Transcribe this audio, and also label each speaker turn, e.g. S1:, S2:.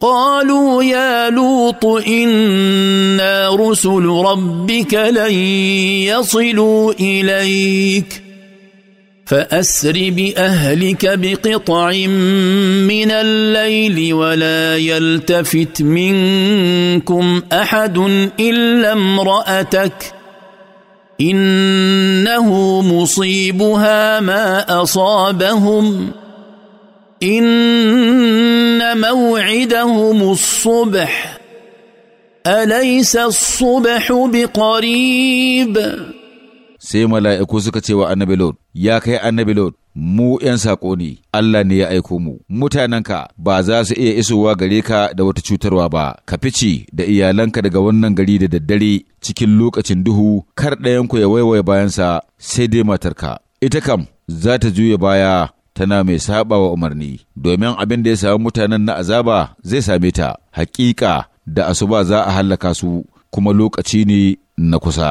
S1: قالوا يا لوط انا رسل ربك لن يصلوا اليك فاسر باهلك بقطع من الليل ولا يلتفت منكم احد الا امراتك انه مصيبها ما اصابهم موعدهم الصبح أليس الصبح بقريب
S2: sai mala'iku suka ce wa annabi كي ya kai annabi mu ’yan saƙo ne, Allah ne ya aiko mu, mutanenka ba za su iya isowa gare ka da wata cutarwa ba, ka fice da iyalanka daga wannan gari da daddare cikin lokacin duhu, kar ɗayanku ya waiwaye bayansa sai dai matarka. Ita kam za ta juya baya tana mai saba wa umarni domin abin da ya samu mutanen na azaba zai same ta hakika da asuba za a hallaka su kuma lokaci ne na kusa